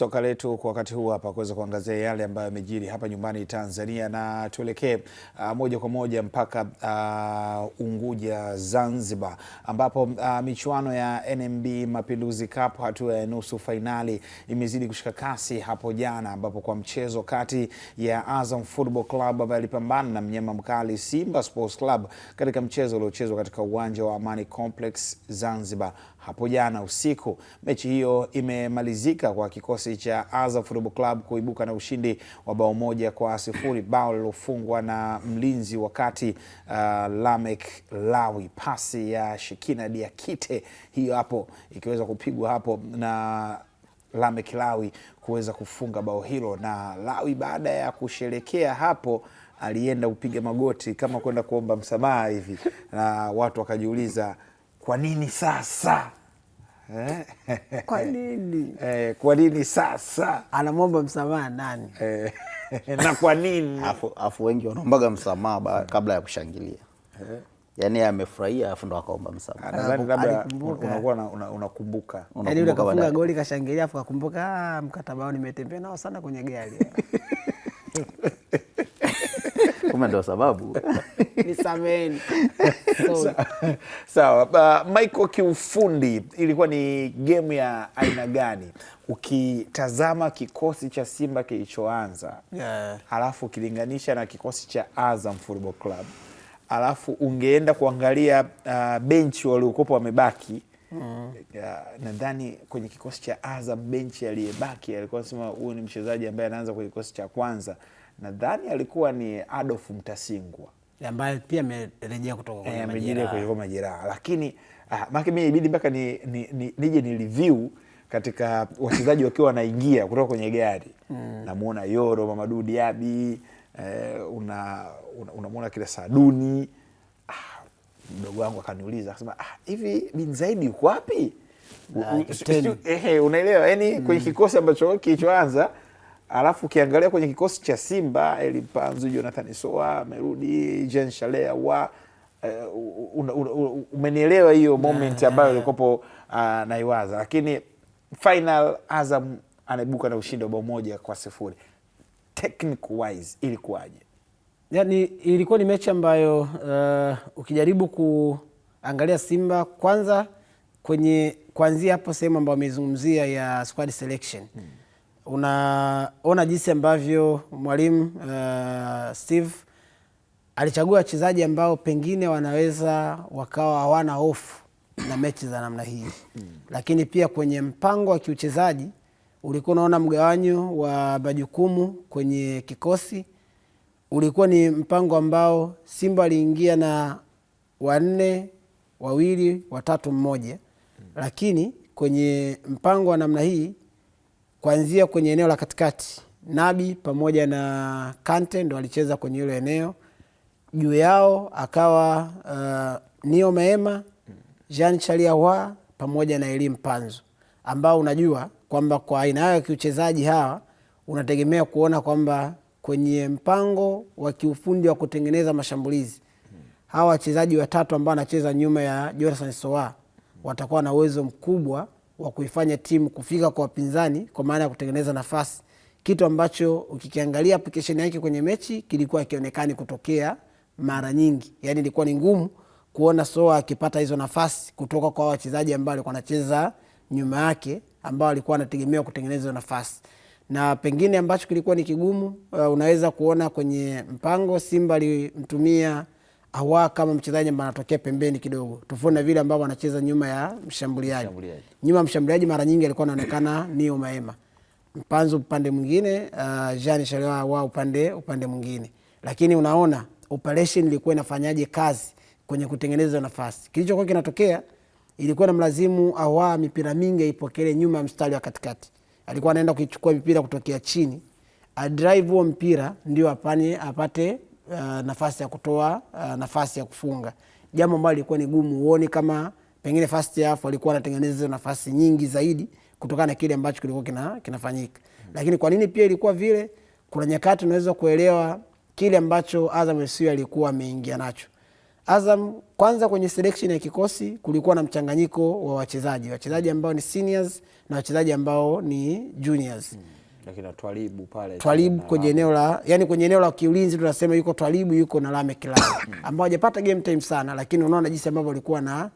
soka letu kwa wakati huu hapa kuweza kuangazia yale ambayo yamejiri hapa nyumbani Tanzania, na tuelekee uh, moja kwa moja mpaka uh, Unguja Zanzibar, ambapo uh, michuano ya NMB Mapinduzi Cup hatua ya nusu fainali imezidi kushika kasi hapo jana, ambapo kwa mchezo kati ya Azam Football Club ambayo alipambana na mnyama mkali Simba Sports Club katika mchezo uliochezwa katika uwanja wa Amani Complex Zanzibar hapo jana usiku. Mechi hiyo imemalizika kwa kikosi cha Azam Football Club kuibuka na ushindi wa bao moja kwa sifuri, bao lilofungwa na mlinzi wa kati uh, Lamek Lawi, pasi ya Shekina Diakite hiyo hapo ikiweza kupigwa hapo na Lamek Lawi kuweza kufunga bao hilo. Na Lawi baada ya kusherekea hapo alienda kupiga magoti kama kwenda kuomba msamaha hivi, na watu wakajiuliza kwa nini sasa kwa eh. nini? Eh, kwa nini sasa anamwomba msamaha nani? Eh, na kwa nini? Afu, afu wengi wanaombaga msamaha kabla ya kushangilia eh. Yaani amefurahia afu ndo akaomba msamaha. Nadhani labda unakuwa unakumbuka. Yaani kafunga goli kashangilia afu kakumbuka, ah, mkataba wao nimetembea nao sana kwenye gari Kumbe ndo sababu nisameni. Sawa. Uh, Michael, kiufundi ilikuwa ni gemu ya aina gani ukitazama kikosi cha Simba kilichoanza yeah, alafu ukilinganisha na kikosi cha Azam Football Club alafu ungeenda kuangalia uh, benchi waliokopa wamebaki Mm. Nadhani kwenye kikosi cha Azam benchi aliyebaki alikuwa anasema huyu ni mchezaji ambaye anaanza kwenye kikosi cha kwanza nadhani alikuwa ni Adolf Mtasingwa ambaye pia amerejea kutoka kwenye eh, majeraha majeraha, lakini ah, maana mimi ibidi mpaka ni, ni, ni, nije ni review katika wachezaji wakiwa wanaingia kutoka kwenye gari mm. Namuona Yoro Mamadou Diaby eh, una unamuona una kila Saduni ah, mdogo wangu akaniuliza akasema, ah, hivi bin Zaidi uko wapi? Ah, eh, unaelewa yani kwenye mm. kikosi ambacho kilichoanza Alafu ukiangalia kwenye kikosi cha Simba Elimpanzu, Jonathan Soa amerudi, Jean Shalea wa uh, umenielewa hiyo moment ambayo ilikopo uh, naiwaza, lakini final Azam anaibuka na ushindi wa bao moja kwa sifuri. Technical wise ilikuwaje? Yani, ilikuwa ni mechi ambayo uh, ukijaribu kuangalia Simba kwanza kwenye kuanzia hapo sehemu ambayo amezungumzia ya squad selection hmm unaona jinsi ambavyo mwalimu uh, Steve alichagua wachezaji ambao pengine wanaweza wakawa hawana hofu na mechi za namna hii Lakini pia kwenye mpango wa kiuchezaji ulikuwa unaona mgawanyo wa majukumu kwenye kikosi ulikuwa ni mpango ambao Simba aliingia na wanne wawili watatu mmoja, lakini kwenye mpango wa namna hii kuanzia kwenye eneo la katikati. Nabi pamoja na Kante ndo alicheza kwenye hilo eneo, juu yao akawa uh, Nio Meema, Jean Chaliawa pamoja na Elim Panzo, ambao unajua kwamba kwa aina yao ya kiuchezaji hawa unategemea kuona kwamba kwenye mpango wa kiufundi wa kutengeneza mashambulizi hawa wachezaji watatu ambao wanacheza nyuma ya Jonathan Soa watakuwa na uwezo mkubwa wa kuifanya timu kufika kwa wapinzani, kwa maana ya kutengeneza nafasi, kitu ambacho ukikiangalia application yake kwenye mechi kilikuwa akionekani kutokea mara nyingi, yani ilikuwa ni ngumu kuona Soa akipata hizo nafasi kutoka kwa wachezaji ambao alikuwa anacheza nyuma yake ambao alikuwa anategemea kutengeneza hizo nafasi, na pengine ambacho kilikuwa ni kigumu uh, unaweza kuona kwenye mpango Simba alimtumia Awa kama mchezaji ambaye anatokea pembeni kidogo, tofauti na vile ambavyo anacheza nyuma ya mshambuliaji. Nyuma ya mshambuliaji mara nyingi alikuwa anaonekana Neo Maema. mpanzo upande mwingine, uh, Jean Shalewa wa upande upande mwingine. Lakini unaona operation ilikuwa inafanyaje kazi kwenye kutengeneza nafasi. Kilichokuwa kinatokea ilikuwa na mlazimu Awa mipira mingi ipokele nyuma ya mstari wa katikati. Alikuwa anaenda kuichukua mipira kutokea chini. a drive huo mpira ndio apane apate uh, nafasi ya kutoa uh, nafasi ya kufunga, jambo ambalo lilikuwa ni gumu. Huoni kama pengine first half walikuwa wanatengeneza hizo nafasi nyingi zaidi kutokana na kile ambacho kilikuwa kina, kinafanyika hmm. Lakini kwa nini pia ilikuwa vile? Kuna nyakati unaweza kuelewa kile ambacho Azam FC alikuwa ameingia nacho. Azam kwanza, kwenye selection ya kikosi kulikuwa na mchanganyiko wa wachezaji, wachezaji ambao ni seniors na wachezaji ambao ni juniors hmm. Akina Twalibu pale. Twalibu kwenye eneo la yani kwenye eneo la kiulinzi tunasema yuko Twalibu yuko na Lame Lai ambao hajapata game time sana, lakini unaona jinsi ambavyo walikuwa na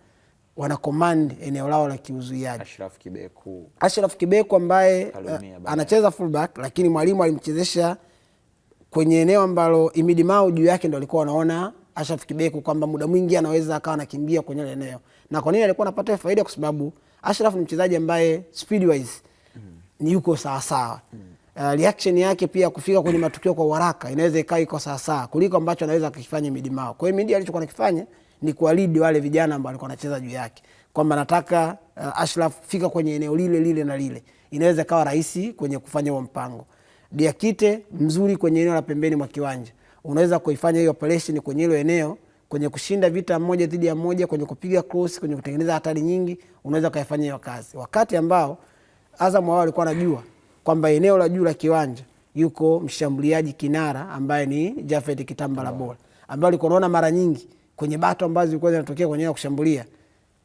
wana command eneo lao la kiuzuiaji. Ashraf Kibeku. Ashraf Kibeku ambaye uh, anacheza fullback lakini mwalimu alimchezesha kwenye eneo ambalo Imidi Mao juu yake ndo alikuwa anaona Ashraf Kibeku kwamba muda mwingi anaweza akawa anakimbia kwenye eneo. Na kwa nini alikuwa anapata faida? Kwa sababu Ashraf ni mchezaji ambaye speed wise ni yuko sawasawa mm. Uh, eh, reaction yake pia kufika kwenye matukio kwa uharaka inaweza ikawa iko sawasawa kuliko ambacho anaweza akifanya midimao. Kwa hiyo Midi alichokuwa anakifanya ni kuwalidi wale vijana ambao walikuwa wanacheza juu yake kwamba nataka uh, Ashraf fika kwenye eneo lile lile na lile, inaweza ikawa rahisi kwenye kufanya huo mpango. Diakite mzuri kwenye eneo la pembeni mwa kiwanja, unaweza kuifanya hiyo operation kwenye hilo eneo kwenye kushinda vita moja dhidi ya moja, kwenye kupiga cross, kwenye kutengeneza hatari nyingi, unaweza ukaifanya hiyo kazi wakati ambao Azam wao walikuwa wanajua kwamba eneo la juu la kiwanja yuko mshambuliaji kinara ambaye ni Japhet Kitambala Bola, ambaye alikuwa naona mara nyingi kwenye bato ambazo zilikuwa zinatokea kwenye ya kushambulia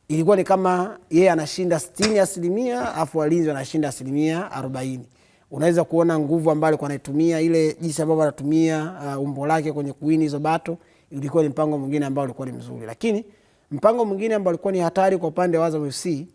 ilikuwa ni kama yeye anashinda sitini asilimia afu walinzi wanashinda asilimia arobaini. Unaweza kuona nguvu ambayo alikuwa anaitumia, ile jinsi ambavyo anatumia uh, umbo lake kwenye kuwini hizo bato, ilikuwa ni mpango mwingine ambao ulikuwa ni mzuri. Lakini mpango mwingine ambao ulikuwa ni hatari kwa upande wa Azam FC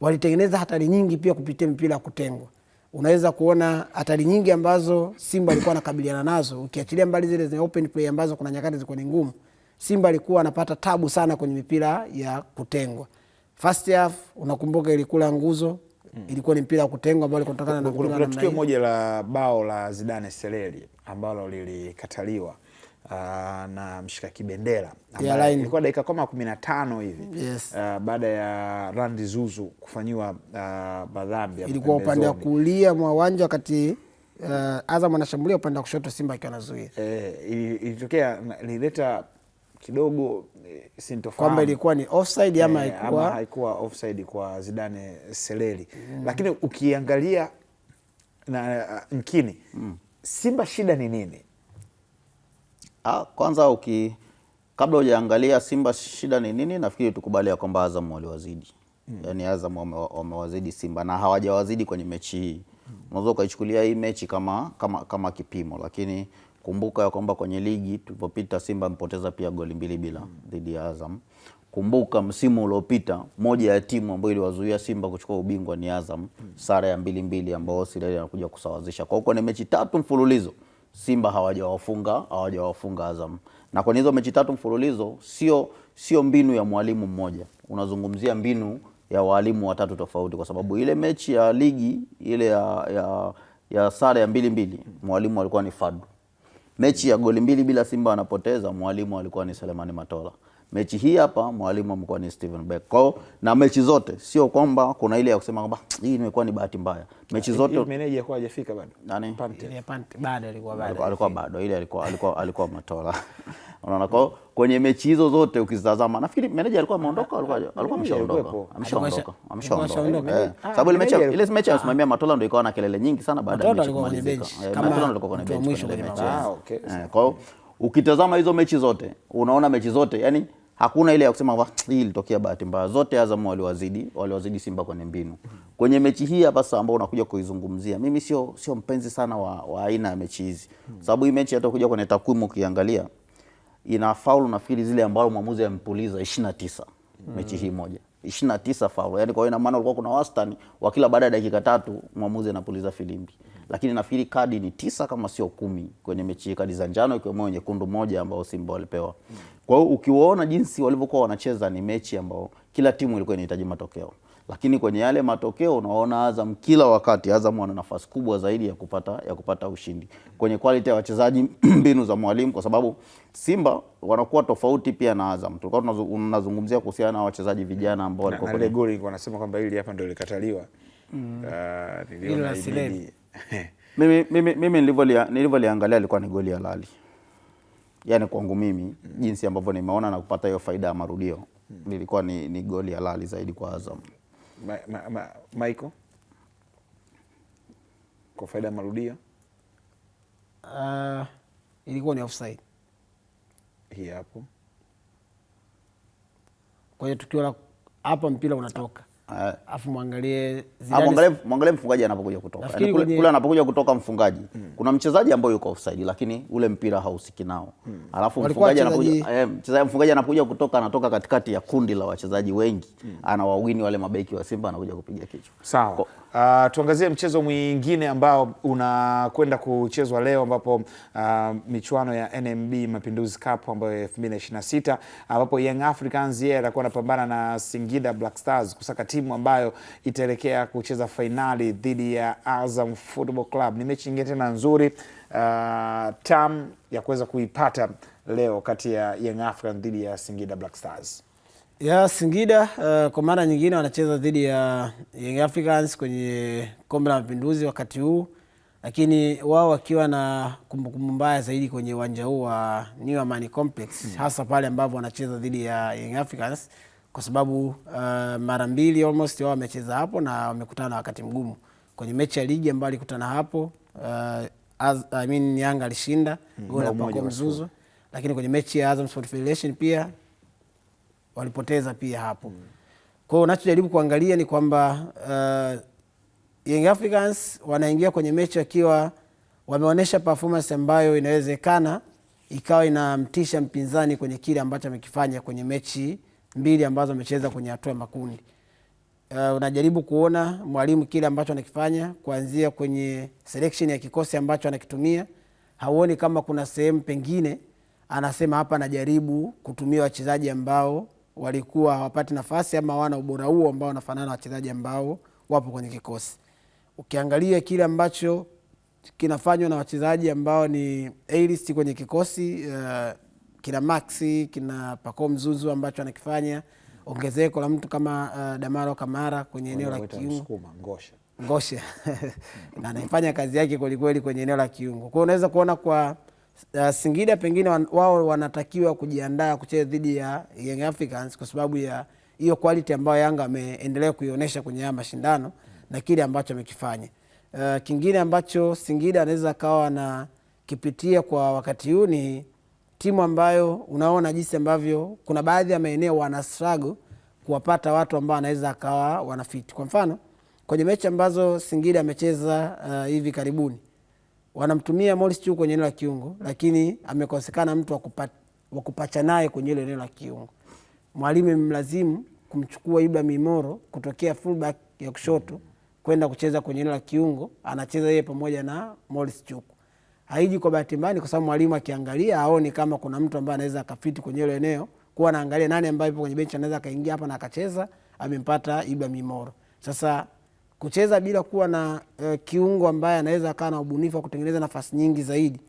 walitengeneza hatari nyingi pia kupitia mipira ya kutengwa. Unaweza kuona hatari nyingi ambazo Simba alikuwa anakabiliana nazo, ukiachilia mbali zile zenye open play ambazo kuna nyakati zilikuwa ni ngumu. Simba alikuwa anapata tabu sana kwenye mipira ya kutengwa. First half unakumbuka ilikula nguzo, hmm. ilikuwa ni mpira wa kutengwa ambao ulikutokana na tukio moja la bao la Zidane Seleli ambalo lilikataliwa uh, na mshika kibendera ambaye ilikuwa dakika kama kumi na tano hivi yes. Uh, baada ya Randy Zuzu kufanyiwa uh, madhambi ilikuwa upande wa kulia mwa uwanja wakati uh, Azam anashambulia upande wa kushoto, Simba akiwa anazuia eh, ilitokea lileta kidogo eh, sintofahamu kwamba ilikuwa ni offside eh, ama haikuwa, haikuwa offside kwa Zidane Seleli mm. Lakini ukiangalia na uh, mkini mm. Simba shida ni nini? Ah, kwanza uki kabla hujaangalia Simba shida ni nini, nafikiri tukubali ya kwamba Azam waliwazidi mm. Yaani Azam wamewazidi wame Simba na hawajawazidi kwenye mechi hii mm. Unaweza ukaichukulia hii mechi kama, kama, kama kipimo, lakini kumbuka ya kwamba kwenye ligi tulipopita Simba mpoteza pia goli mbili bila hmm. dhidi mm. ya Azam. Kumbuka msimu uliopita moja ya timu ambayo iliwazuia Simba kuchukua ubingwa ni Azam mm. sare ya mbili mbili ambao Sirari anakuja kusawazisha. Kwa hiyo kwenye mechi tatu mfululizo mm. Simba hawajawafunga hawajawafunga Azam, na kwenye hizo mechi tatu mfululizo sio sio mbinu ya mwalimu mmoja, unazungumzia mbinu ya walimu watatu tofauti, kwa sababu ile mechi ya ligi ile ya, ya, ya sare ya mbili mbili mwalimu alikuwa ni Fadu. Mechi ya goli mbili bila Simba anapoteza mwalimu alikuwa ni Selemani Matola mechi hii hapa mwalimu amekuwa ni Steven Beck. Kwa na mechi zote sio kwamba kuna ile ya kusema kwamba hii imekuwa ni bahati mbaya. Mechi zote meneja kwa hajafika bado. Nani? Pante. Ni Pante bado alikuwa bado. Alikuwa bado ile alikuwa alikuwa alikuwa matola. Unaona kwa kwenye mechi hizo zote ukizitazama nafikiri meneja alikuwa ameondoka alikuwa ah, alikuwa ameshaondoka. Ameshaondoka. Ameshaondoka. Eh. Ah, Sababu ile mechi ile mechi anasimamia Matola ndio ikawa na kelele nyingi sana baada ya mechi Matola alikuwa kwenye bench. Eh, kama Matola alikuwa kwenye bench. Ah, okay. Eh, Kwao Ukitazama hizo mechi zote, unaona mechi zote yani hakuna ile ya kusema hii ilitokea bahati mbaya. Zote Azam waliwazidi, waliwazidi Simba kwenye mbinu. Kwenye mechi hii hapa sasa ambao unakuja kuizungumzia, mimi sio sio mpenzi sana wa, wa aina ya mechi hizi Sababu hii mechi hata kuja kwenye takwimu ukiangalia ina faulu nafikiri zile ambazo mwamuzi ampuliza 29 tisa mechi hii moja 29 faul. Yaani kwa hiyo ina maana ulikuwa kuna wastani wa kila baada ya dakika tatu mwamuzi anapuliza filimbi. Lakini nafikiri kadi ni tisa kama sio kumi kwenye mechi hii, kadi za njano ikiwemo nyekundu moja ambao Simba walipewa. Kwa hiyo ukiwaona jinsi walivyokuwa wanacheza ni mechi ambao kila timu ilikuwa inahitaji matokeo lakini kwenye yale matokeo unaona Azam kila wakati, Azam wana nafasi kubwa zaidi ya kupata, ya kupata ushindi kwenye quality ya wachezaji, mbinu za mwalimu, kwa sababu Simba wanakuwa tofauti pia na Azam. Tulikuwa tunazungumzia kuhusiana na wachezaji vijana ambao walikuwa kwenye goli, wanasema kwamba hili hapa ndio likataliwa. Mm. Ah, mimi nilivyoliangalia ilikuwa ni goli halali, yani kwangu mimi mm. jinsi ambavyo nimeona na kupata hiyo faida ya marudio mm. ni, ni goli halali zaidi kwa Azam ma, ma, ma, Michael kwa faida ya marudio uh, ah, ilikuwa ni offside hii hapo. Kwa hiyo tukio la hapa mpira unatoka Eh. afu mwangalie ah, mwangalie mfungaji anapokuja kutoka yaani kule, kule anapokuja kutoka mfungaji mm. kuna mchezaji ambaye yuko offside lakini ule mpira hausiki nao mm. alafu mfungaji anapokuja eh, mchezaji mfungaji anapokuja kutoka anatoka katikati ya kundi la wachezaji wengi mm. anawawini wale mabeki wa Simba anakuja kupiga kichwa sawa. Uh, tuangazie mchezo mwingine ambao unakwenda kuchezwa leo ambapo uh, michuano ya NMB Mapinduzi Cup ambayo 2026 ambapo Young Africans yeye atakuwa anapambana na Singida Black Stars kusaka timu ambayo itaelekea kucheza fainali dhidi ya Azam Football Club. Ni mechi nyingine tena nzuri uh, ah, tam ya kuweza kuipata leo kati ya Young Africans dhidi ya Singida Black Stars. Ya Singida uh, kwa mara nyingine wanacheza dhidi ya Young Africans kwenye Kombe la Mapinduzi wakati huu, lakini wao wakiwa na kumbukumbu mbaya zaidi kwenye uwanja huu wa New Amani Complex hmm, hasa pale ambapo wanacheza dhidi ya Young Africans kwa sababu uh, mara mbili almost wao wamecheza hapo na wamekutana na wakati mgumu kwenye mechi ya ligi ambayo alikutana hapo uh, az, I mean, Yanga alishinda hmm. goli la Paco Mzuzu, lakini kwenye mechi ya Azam Sport Federation pia walipoteza pia hapo mm. Kwa hiyo unachojaribu kuangalia ni kwamba uh, Young Africans wanaingia kwenye mechi wakiwa wameonyesha performance ambayo inawezekana ikawa inamtisha mpinzani kwenye kile ambacho amekifanya kwenye mechi mbili ambazo amecheza kwenye hatua ya makundi. Uh, unajaribu kuona mwalimu kile ambacho anakifanya kuanzia kwenye selection ya kikosi ambacho anakitumia. Hauoni kama kuna sehemu pengine anasema hapa anajaribu kutumia wachezaji ambao walikuwa hawapati nafasi ama hawana ubora huo ambao wanafanana na wachezaji ambao wapo kwenye kikosi. Ukiangalia kile ambacho kinafanywa na wachezaji ambao ni A-list kwenye kikosi uh, kina Maxi, kina pako mzuzu ambacho anakifanya ongezeko la mtu kama uh, Damaro Kamara kwenye eneo la kiungo Ngosha na anaifanya kazi yake kwelikweli kwenye eneo la kiungo. Kwa hiyo unaweza kuona kwa uh, Singida pengine wao wanatakiwa kujiandaa kucheza dhidi ya Young Africans kwa sababu ya hiyo quality ambayo Yanga ameendelea kuionyesha kwenye haya mashindano na kile ambacho amekifanya. Uh, kingine ambacho Singida anaweza kawa na kipitia kwa wakati huu ni timu ambayo unaona jinsi ambavyo kuna baadhi ya maeneo wana struggle kuwapata watu ambao anaweza akawa wanafiti. Kwa mfano kwenye mechi ambazo Singida amecheza uh, hivi karibuni wanamtumia Morris Chu kwenye eneo la kiungo, lakini amekosekana mtu wa kupacha naye kwenye ile eneo la kiungo. Mwalimu imemlazimu kumchukua Ibrahim Mimoro kutokea fullback ya kushoto kwenda kucheza kwenye eneo la kiungo, anacheza yeye pamoja na Morris Chuku. Haiji kwa bahati mbaya, kwa sababu mwalimu akiangalia aoni kama kuna mtu ambaye anaweza akafiti kwenye ile eneo, kuwa anaangalia nani ambaye yupo kwenye benchi anaweza akaingia hapa na akacheza, amempata Ibrahim Mimoro Sasa kucheza bila kuwa na e, kiungo ambaye anaweza akawa na ubunifu wa kutengeneza nafasi nyingi zaidi,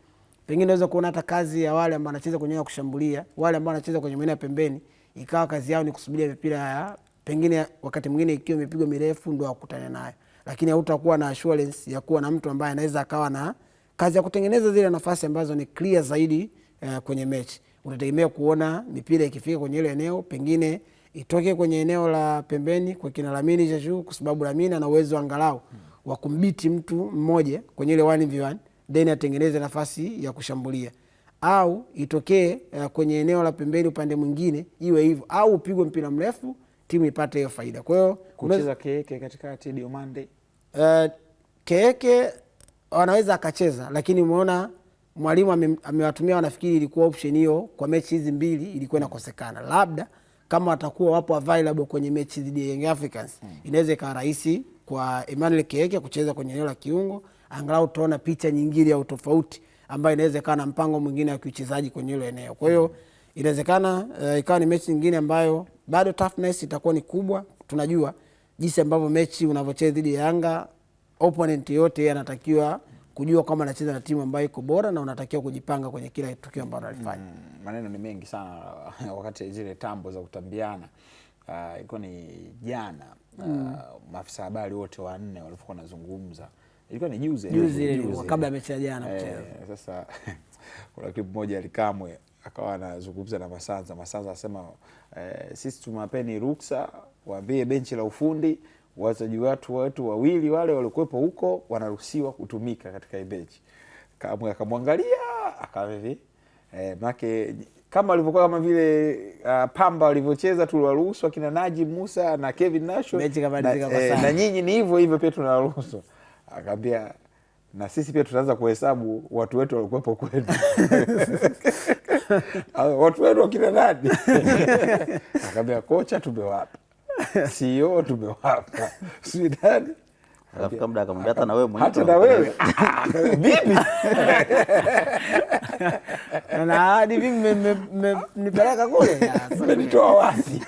pengine unaweza kuona hata kazi ya wale ambao anacheza kwenye ya kushambulia, wale ambao anacheza kwenye maeneo ya pembeni, ikawa kazi yao ni kusubiria mipira ya pengine, wakati mwingine ikiwa mipigo mirefu ndo akutane nayo, lakini hautakuwa na assurance ya kuwa na mtu ambaye anaweza akawa na kazi ya kutengeneza zile nafasi ambazo ni clear zaidi e, kwenye mechi. Utategemea kuona mipira ikifika kwenye ile eneo pengine itoke kwenye eneo la pembeni kwa kina Lamini Jaju, kwa sababu Lamini ana uwezo angalau wa kumbiti mtu mmoja kwenye ile 1v1 then atengeneze nafasi ya kushambulia au itokee uh, kwenye eneo la pembeni upande mwingine iwe hivyo, au upigwe mpira mrefu, timu ipate hiyo faida. Kwa hiyo kucheza Keeke katikati, Diomande uh, eh, keke anaweza akacheza, lakini umeona mwalimu amewatumia, wanafikiri ilikuwa option hiyo kwa mechi hizi mbili ilikuwa inakosekana labda kama watakuwa wapo available kwenye mechi dhidi ya Young Africans mm. inaweza ikawa rahisi kwa Emmanuel Keke kucheza kwenye eneo la kiungo, angalau tuona picha nyingine au tofauti ambayo inaweza ikawa na mpango mwingine wa kiuchezaji kwenye hilo eneo. Kwa hiyo inawezekana uh, ikawa ni mechi nyingine ambayo bado toughness itakuwa ni kubwa. Tunajua jinsi ambavyo mechi unavyocheza dhidi ya Yanga, opponent yote anatakiwa kujua kwamba anacheza na timu ambayo iko bora na unatakiwa kujipanga kwenye kila tukio ambalo alifanya. Mm, maneno ni mengi sana wakati zile tambo za kutambiana uh, ilikuwa ni jana uh, mm. maafisa habari wote wanne walikuwa wanazungumza, ilikuwa ni juzi juzi kabla ya mechi ya jana Eh, sasa kuna clip moja Alikamwe akawa anazungumza na Masanza, Masanza asema eh, sisi tumewapeni ruksa, waambie benchi la ufundi wazaji watu watu wawili wale walikuwepo huko wanaruhusiwa kutumika katika ibeji. Kamwe akamwangalia akavivi eh, make kama walivyokuwa kama vile uh, Pamba walivyocheza tuliwaruhusu akina Naji Musa na Kevin Nasho na, eh, na nyinyi ni hivyo hivyo pia tunawaruhusu. Akaambia na sisi pia tutaanza kuhesabu watu wetu walikuwepo kwenu watu wetu wakina nani? Akaambia kocha, tumewapa CEO tumewapa sijui Alafika muda akamwambia hata na wewe mwenyewe. Hata na wewe. Vipi? Na hadi vipi nipeleka kule? Nitoa wasi.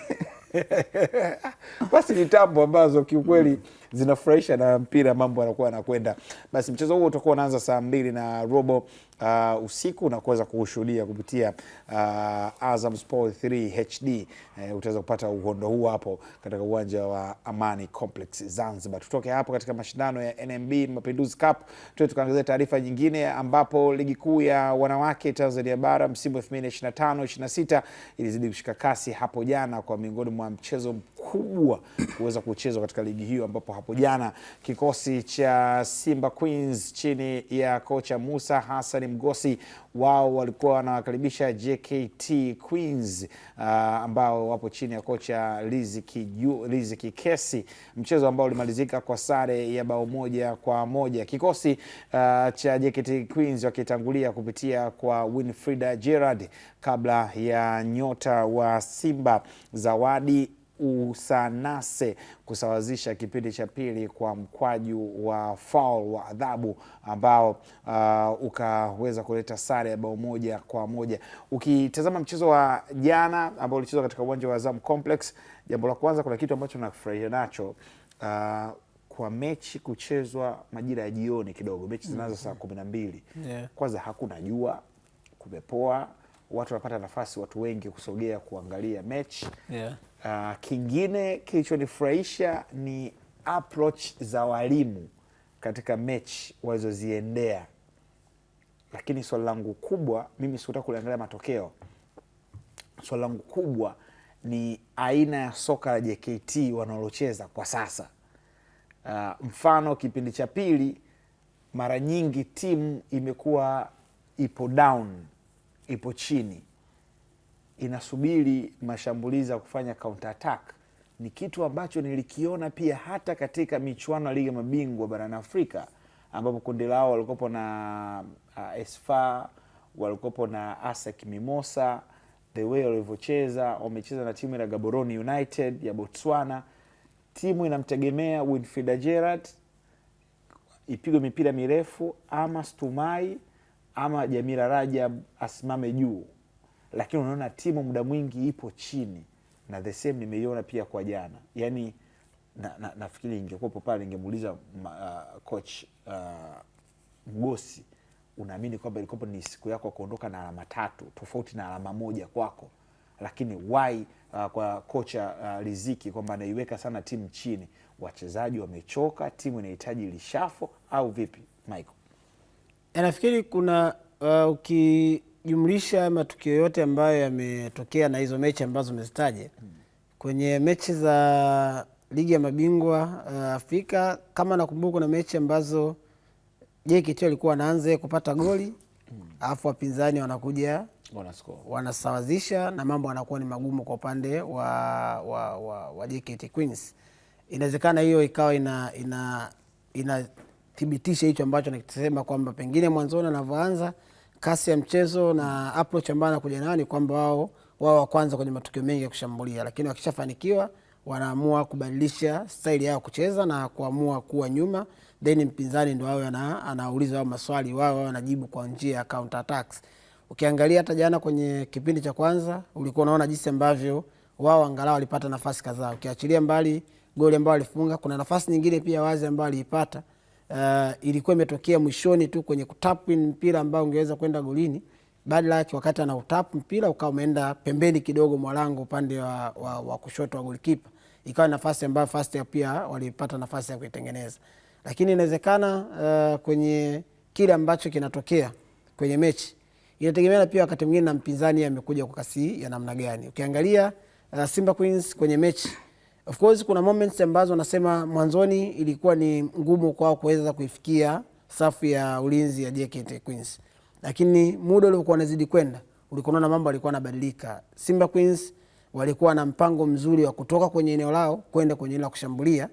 Basi ni tambo ambazo kiukweli zinafurahisha na mpira mambo yanakuwa yanakwenda. Basi mchezo huo utakuwa unaanza saa mbili na robo uh, usiku na kuweza kuushuhudia kupitia uh, Azam Sport 3 HD. Uh, utaweza kupata uhondo huu hapo katika uwanja wa Amani Complex Zanzibar. Tutoke hapo katika mashindano ya NMB Mapinduzi Cup, tuwe tukaangazia taarifa nyingine ambapo ligi kuu ya wanawake Tanzania bara msimu 2025 26 ilizidi kushika kasi hapo jana kwa miongoni mwa mchezo mkubwa kuweza kuchezwa katika ligi hiyo ambapo hapo jana kikosi cha Simba Queens chini ya kocha Musa Hassan mgosi wao walikuwa wanawakaribisha JKT Queens uh, ambao wapo chini ya kocha Lizi Kikesi, mchezo ambao ulimalizika kwa sare ya bao moja kwa moja. Kikosi uh, cha JKT Queens wakitangulia kupitia kwa Winfrida Gerard kabla ya nyota wa Simba Zawadi Usanase kusawazisha kipindi cha pili kwa mkwaju wa faul wa adhabu ambao uh, ukaweza kuleta sare ya bao moja kwa moja. Ukitazama mchezo wa jana ambao ulichezwa katika uwanja wa Azam Complex, jambo la kwanza, kuna kitu ambacho nafurahia nacho uh, kwa mechi kuchezwa majira ya jioni kidogo, mechi zinaanza saa mhm. kumi na mbili. Yeah. Kwanza hakuna jua, kumepoa, watu wanapata nafasi, watu wengi kusogea kuangalia mechi. Yeah. Uh, kingine kilichonifurahisha ni approach za walimu katika mechi walizoziendea, lakini swali langu kubwa mimi sikutaka kuliangalia matokeo. Swali langu kubwa ni aina ya soka la JKT wanalocheza kwa sasa. Uh, mfano kipindi cha pili, mara nyingi timu imekuwa ipo down, ipo chini inasubiri mashambulizi ya kufanya counter attack ni kitu ambacho nilikiona pia hata katika michuano ya ligi mabingwa barani Afrika ambapo kundi lao walikopo na uh, Esfa walikopo na ASEC Mimosa, the way walivyocheza, wamecheza na timu ya Gaborone United ya Botswana. Timu inamtegemea Winfrida Gerard ipigwe mipira mirefu, ama Stumai ama Jamila Rajab asimame juu lakini unaona timu muda mwingi ipo chini, na the same nimeiona pia kwa jana. Yani nafikiri na, na ingekuwepo pale ningemuuliza uh, coach uh, Mgosi, unaamini kwamba ilikuwepo ni siku yako kuondoka na alama tatu tofauti na alama moja kwako, lakini why uh, kwa kocha uh, Riziki kwamba anaiweka sana timu chini, wachezaji wamechoka, timu inahitaji lishafo au vipi Michael? Eh, nafikiri kuna uh, uki ukijumlisha matukio yote ambayo yametokea na hizo mechi ambazo umezitaja kwenye mechi za ligi ya mabingwa uh, Afrika kama nakumbuka, kuna mechi ambazo JKT alikuwa anaanza kupata goli alafu wapinzani wanakuja wanasawazisha na mambo yanakuwa ni magumu kwa upande wa, wa, wa, wa JKT Queens. Inawezekana hiyo ikawa inathibitisha ina, ina hicho ambacho nakisema kwamba pengine mwanzoni anavyoanza kasi ya mchezo na approach ambayo anakuja nayo ni kwamba wao wao wa kwanza kwenye matukio mengi ya kushambulia, lakini wakishafanikiwa wanaamua kubadilisha staili yao kucheza na kuamua kuwa nyuma, then mpinzani ndo awe anauliza wao maswali, wao wanajibu kwa njia ya counter attacks. Ukiangalia hata jana kwenye kipindi cha kwanza ulikuwa unaona jinsi ambavyo wao angalau walipata nafasi kadhaa, ukiachilia mbali goli ambao walifunga, kuna nafasi nyingine pia wazi ambayo aliipata uh, ilikuwa imetokea mwishoni tu kwenye kutapin mpira ambao ungeweza kwenda golini, badala yake wakati anautap mpira ukawa umeenda pembeni kidogo mwalango upande wa, wa, wa kushoto wa golikipa, ikawa nafasi ambayo Fast pia walipata nafasi ya kuitengeneza, lakini inawezekana uh, kwenye kile ambacho kinatokea kwenye mechi inategemeana pia wakati mwingine na mpinzani amekuja kwa kasi ya namna gani. Ukiangalia uh, Simba Queens kwenye mechi Of course kuna moments ambazo nasema mwanzoni ilikuwa ni ngumu kwao kuweza kuifikia safu ya ulinzi ya JKT Queens, lakini muda ulivyokuwa unazidi kwenda ulikuwa unaona mambo yalikuwa yanabadilika. Simba Queens walikuwa na mpango mzuri wa kutoka kwenye eneo lao kwenda kwenye eneo la kushambulia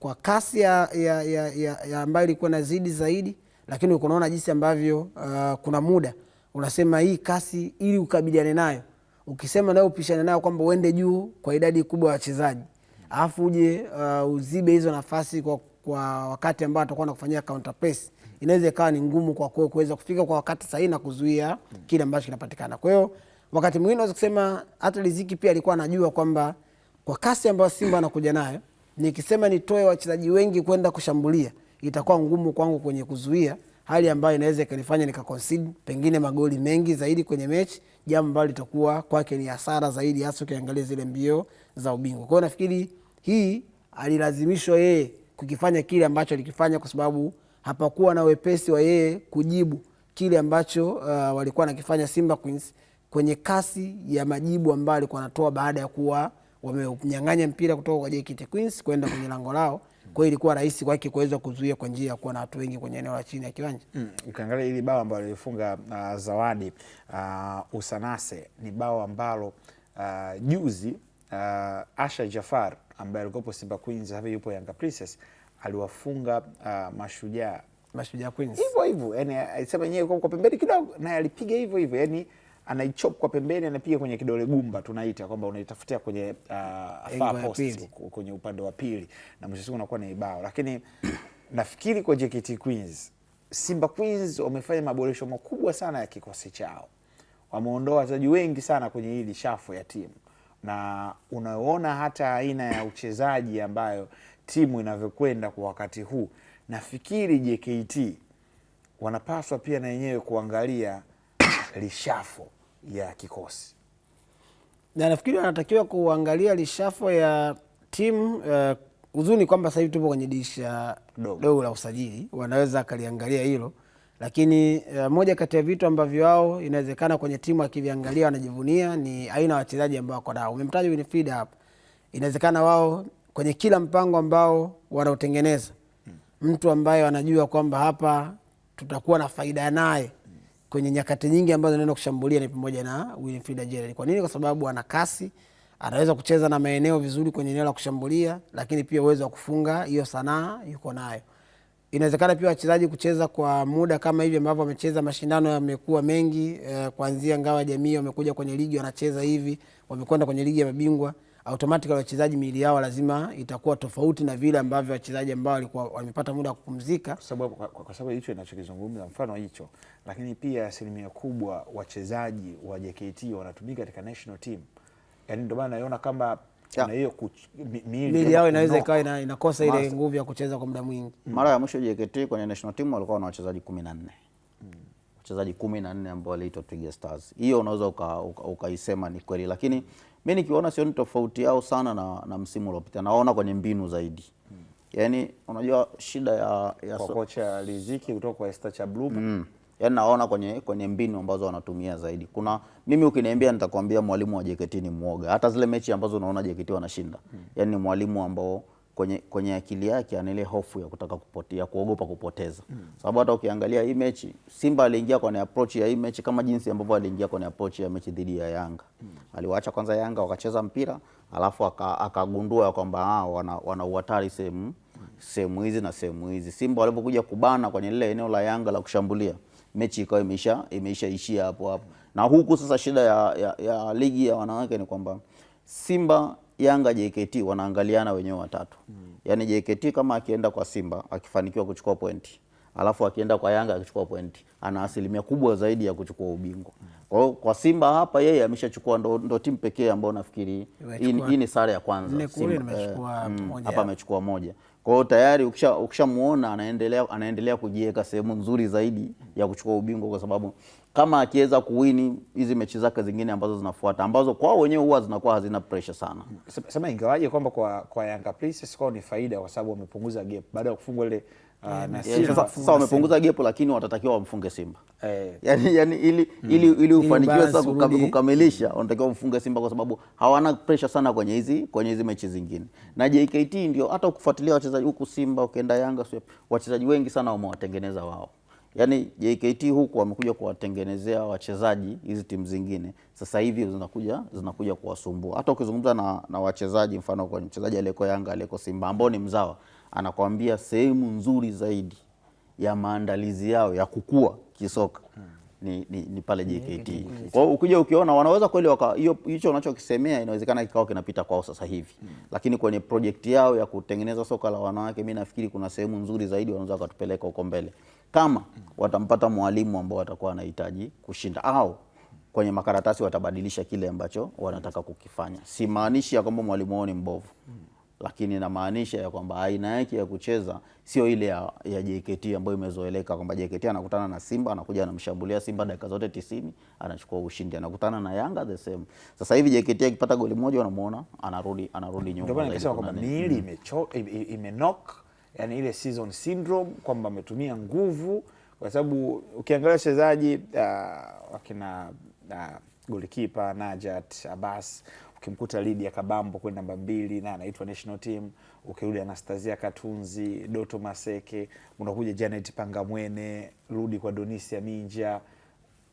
kwa kasi ya, ya, ya, ya, ya ambayo ilikuwa inazidi zaidi, lakini ulikuwa unaona jinsi ambavyo uh, kuna muda unasema hii kasi ili ukabiliane nayo, ukisema nayo upishane nayo kwamba uende juu kwa idadi kubwa ya wachezaji alafu uje uh, uzibe hizo nafasi kwa, kwa wakati ambao atakuwa anakufanyia counter press inaweza ikawa ni ngumu kwa kwako kuweza kufika kwa wakati sahihi na kuzuia kile ambacho kinapatikana. Kwa hiyo wakati mwingine unaweza kusema hata Riziki pia alikuwa anajua kwamba kwa kasi ambayo Simba anakuja nayo, nikisema nitoe wachezaji wengi kwenda kushambulia itakuwa ngumu kwangu kwenye kuzuia hali ambayo inaweza ikanifanya nikaconcede pengine magoli mengi zaidi kwenye mechi, jambo ambalo litakuwa kwake ni hasara zaidi, hasa ukiangalia zile mbio za ubingwa. Kwa hiyo nafikiri hii alilazimishwa yeye kukifanya kile ambacho alikifanya, kwa sababu hapakuwa na wepesi wa yeye kujibu kile ambacho uh, walikuwa nakifanya Simba Queens kwenye kasi ya majibu ambayo alikuwa anatoa baada ya kuwa wamenyang'anya mpira kutoka kwa JKT Queens kwenda kwenye lango lao. Kwa hiyo ilikuwa rahisi kwake kuweza kuzuia kwa njia ya kuwa na watu wengi kwenye eneo la chini ya kiwanja. Mm, ukiangalia hili bao ambalo lilifunga uh, Zawadi uh, Usanase ni bao ambalo uh, juzi uh, Asha Jafar ambaye alikuwepo Simba Queens sasa yupo Yanga Princess aliwafunga uh, Mashujaa Mashujaa Queens hivyo hivyo, yani sema yenyewe kwa pembeni kidogo, naye alipiga hivyo hivyo yani anaichop kwa pembeni, anapiga kwenye kidole gumba, tunaita kwamba unaitafutia kwenye uh, far post kwenye upande wa pili, na mwisho siku unakuwa ni bao. Lakini nafikiri kwa JKT Queens, Simba Queens wamefanya maboresho makubwa sana ya kikosi chao, wameondoa wachezaji wengi sana kwenye hili shafu ya timu, na unaona hata aina ya uchezaji ambayo timu inavyokwenda kwa wakati huu, nafikiri JKT wanapaswa pia na yenyewe kuangalia lishafo ya kikosi, na nafikiri wanatakiwa kuangalia lishafo ya timu uh, uzuni kwamba sasa hivi tupo kwenye dirisha dogo la usajili, wanaweza akaliangalia hilo lakini uh, moja kati ya vitu ambavyo wao inawezekana kwenye timu akiviangalia wanajivunia ni aina ya wachezaji ambao wako nao. Umemtaja Winfried hapa, inawezekana wao kwenye kila mpango ambao wanaotengeneza hmm. mtu ambaye wanajua kwamba hapa tutakuwa na faida naye kwenye nyakati nyingi ambazo naenda kushambulia ni pamoja na Winfrida Jerel. Kwa nini? Kwa sababu ana kasi, anaweza kucheza na maeneo vizuri kwenye eneo la kushambulia, lakini pia uwezo wa kufunga, hiyo sanaa yuko nayo. Inawezekana pia wachezaji kucheza kwa muda kama hivi ambavyo wamecheza, mashindano yamekuwa mengi eh, kuanzia ngao ya jamii, wamekuja kwenye ligi wanacheza hivi, wamekwenda kwenye ligi ya mabingwa automatically wachezaji miili yao lazima itakuwa tofauti na vile ambavyo wachezaji ambao walikuwa wamepata muda wa kupumzika, kwa sababu hicho inachokizungumza mfano hicho. Lakini pia asilimia kubwa wachezaji wa JKT wanatumika katika national team, yani ndio maana naiona kama na hiyo miili yao inaweza ikawa ina, inakosa ile nguvu ya kucheza kwa muda mwingi. Mm. Mara ya mwisho JKT kwenye national team walikuwa na wachezaji 14 mm. wachezaji kumi na nne ambao waliitwa Twiga Stars. Hiyo unaweza ukaisema uka ni kweli, lakini mi nikiona sioni tofauti yao sana na, na msimu uliopita, naona kwenye mbinu zaidi mm. Yani unajua shida ya, ya kwa so... kocha Riziki kutoka kwa Esta cha Blue mm. Yani naona kwenye, kwenye mbinu ambazo wanatumia zaidi. Kuna mimi ukiniambia nitakwambia mwalimu wa JKT ni mwoga, hata zile mechi ambazo unaona JKT wanashinda mm. Yani ni mwalimu ambao kwenye, kwenye akili yake ana ile hofu ya kutaka kupotea, kuogopa kupoteza mm. Sababu hata ukiangalia hii mechi Simba aliingia kwenye approach ya hii mechi kama jinsi ambavyo aliingia kwenye approach ya mechi dhidi ya Yanga mm. Aliwaacha kwanza Yanga wakacheza mpira alafu akagundua kwamba ah, wana, wana uhatari sehemu sehemu hizi na sehemu hizi. Simba walipokuja kubana kwenye lile eneo la Yanga la kushambulia, mechi ikawa imeisha ishia hapo hapo. Na huku sasa shida ya, ya, ya ligi ya wanawake ni kwamba Simba Yanga JKT wanaangaliana wenyewe watatu mm. Yaani JKT kama akienda kwa Simba akifanikiwa kuchukua pointi alafu akienda kwa Yanga akichukua pointi ana asilimia kubwa zaidi ya kuchukua ubingwa. Hmm. Kwa hiyo kwa Simba hapa yeye ameshachukua, ndo, ndo timu pekee ambayo nafikiri hii ni sare ya kwanza Simba, eh, mm, hapa amechukua moja. Kwa hiyo tayari ukishamuona ukisha anaendelea, anaendelea kujiweka sehemu nzuri zaidi ya kuchukua ubingwa kwa sababu kama akiweza kuwini hizi mechi zake zingine ambazo zinafuata ambazo kwao wenyewe huwa zinakuwa hazina pressure sana. Sema ingawaje kwamba kwa, kwa Yanga Princess kwao ni faida kwa sababu wamepunguza gap baada ya kufungwa ile uh, eh, na eh, Simba. Sasa wamepunguza gap lakini watatakiwa wamfunge Simba. Eh. Yaani yani ili mm, ili, ili ufanikiwe sasa kukamilisha wanatakiwa wamfunge Simba kwa sababu hawana pressure sana kwenye hizi kwenye hizi mechi zingine. Na JKT ndio hata ukifuatilia wachezaji huku Simba ukienda Yanga wachezaji wengi sana wamewatengeneza wao yani JKT huku wamekuja kuwatengenezea wachezaji hizi timu zingine, sasa hivi zinakuja zinakuja kuwasumbua. Hata ukizungumza na, na wachezaji, mfano kwa mchezaji aliyeko Yanga aliyeko Simba ambao ni mzawa, anakwambia sehemu nzuri zaidi ya maandalizi yao ya kukua kisoka ni, ni, ni pale JKT. Kwa hiyo ukija ukiona wanaweza kweli hicho unachokisemea inawezekana kikao kinapita kwao sasa hivi Hmm. Lakini kwenye projekti yao ya kutengeneza soka la wanawake, mi nafikiri kuna sehemu nzuri zaidi wanaweza wakatupeleka huko mbele kama watampata mwalimu ambao watakuwa wanahitaji kushinda au kwenye makaratasi watabadilisha kile ambacho wanataka kukifanya. Si maanishi ya kwamba mwalimu wao ni mbovu, lakini na maanisha ya kwamba aina yake ya kucheza sio ile ya, ya JKT ambayo imezoeleka kwamba JKT anakutana na Simba anakuja anamshambulia Simba dakika zote tisini anachukua ushindi, anakutana na Yanga the same. Sasa hivi JKT akipata goli moja unamuona anarudi anarudi nyuma. Ndio maana nikasema kwamba miili imenoka yani ile season syndrome kwamba ametumia nguvu, kwa sababu ukiangalia wachezaji uh, wakina uh, ah, golikipa Najat Abbas ukimkuta lidi ya Kabambo kwenda namba mbili na anaitwa national team, ukirudi Anastasia Katunzi, Doto Maseke, unakuja Janet Pangamwene, rudi kwa Donisia Minja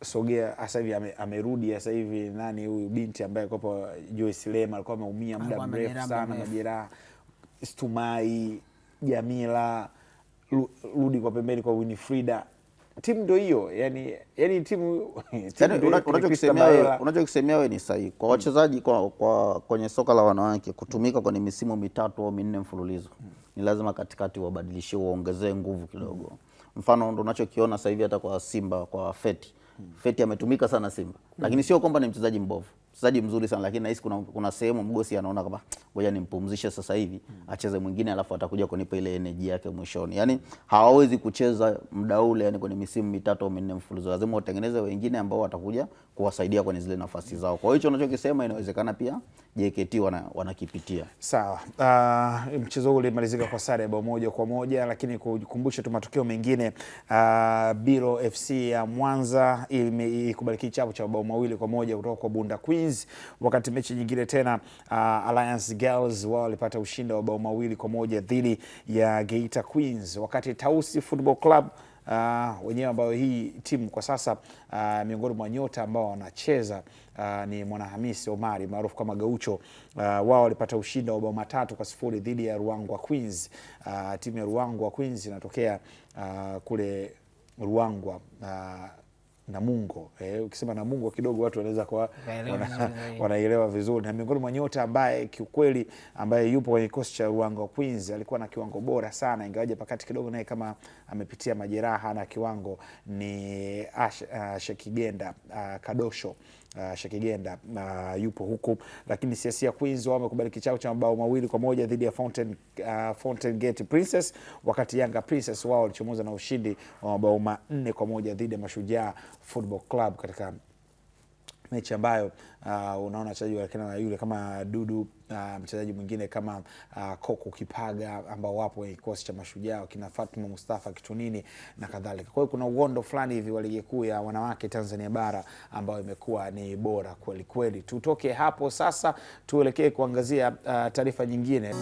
sogea sasa hivi ame, amerudi sasa hivi nani huyu binti ambaye alikuwa Joyce Lema alikuwa ameumia muda mrefu sana majeraha, Stumai Jamila, rudi kwa pembeni kwa Winifrida. Timu ndio hiyo yani, yani timu yaani unachokisemea wewe ni sahihi kwa mm. wachezaji kwa, kwa, kwenye soka la wanawake kutumika kwenye misimu mitatu au minne mfululizo mm. Ni lazima katikati wabadilishe, waongezee nguvu kidogo Mfano ndo unachokiona sasa hivi hata kwa Simba kwa Feti mm. Feti ametumika sana Simba Lakini sio kwamba ni mchezaji mbovu mchezaji mzuri sana lakini nahisi kuna, kuna sehemu mgosi anaona kwamba ngoja nimpumzishe sasa hivi mm. acheze mwingine alafu atakuja kunipa ile energy yake mwishoni. Yani hawawezi kucheza muda ule yani kwenye misimu mitatu au minne mfululizo. Lazima watengeneze wengine ambao watakuja kuwasaidia kwenye zile nafasi zao. Kwa hiyo hicho unachokisema inawezekana pia JKT wana, wanakipitia. Sawa. Uh, mchezo huu ulimalizika kwa sare bao moja kwa moja lakini kukumbusha tu matokeo mengine uh, Biro FC ya Mwanza ilikubaliki chapo cha bao mawili kwa moja kutoka kwa Bunda Queen Queens, wakati mechi nyingine tena uh, Alliance Girls wao walipata ushindi wa bao mawili kwa moja dhidi ya Geita Queens, wakati Tausi Football Club Uh, wenyewe ambayo hii timu kwa sasa uh, miongoni mwa nyota ambao wanacheza uh, ni Mwanahamisi Omari maarufu kama Gaucho. Uh, wao walipata ushindi wa bao matatu kwa sifuri dhidi ya Ruangwa Queens. Uh, timu ya Ruangwa Queens inatokea uh, kule Ruangwa uh, Namungo eh, ukisema Namungo kidogo watu wanaweza kwa wanaelewa vizuri, na miongoni mwa nyota ambaye kiukweli ambaye yupo kwenye kikosi cha Ruangwa Queens alikuwa na kiwango bora sana, ingawaje pakati kidogo naye kama amepitia majeraha na kiwango ni Ash, uh, Shekigenda uh, Kadosho uh, ah, Shakigenda uh, yupo huku, lakini siasia Queens wao wamekubali kichapo cha mabao mawili kwa moja dhidi ya Fountain, uh, Fountain Gate Princess, wakati Yanga Princess wao walichomoza na ushindi wa mabao manne kwa moja dhidi ya Mashujaa Football Club katika mechi ambayo uh, unaona wachezaji wanakana na yule kama Dudu uh, mchezaji mwingine kama uh, Koko Kipaga ambao wapo kwenye kikosi cha Mashujaa kina Fatuma Mustafa Kitunini na kadhalika. Kwa hiyo kuna uondo fulani hivi wa ligi kuu ya wanawake Tanzania bara ambayo imekuwa ni bora kweli kweli. Tutoke hapo sasa tuelekee kuangazia uh, taarifa nyingine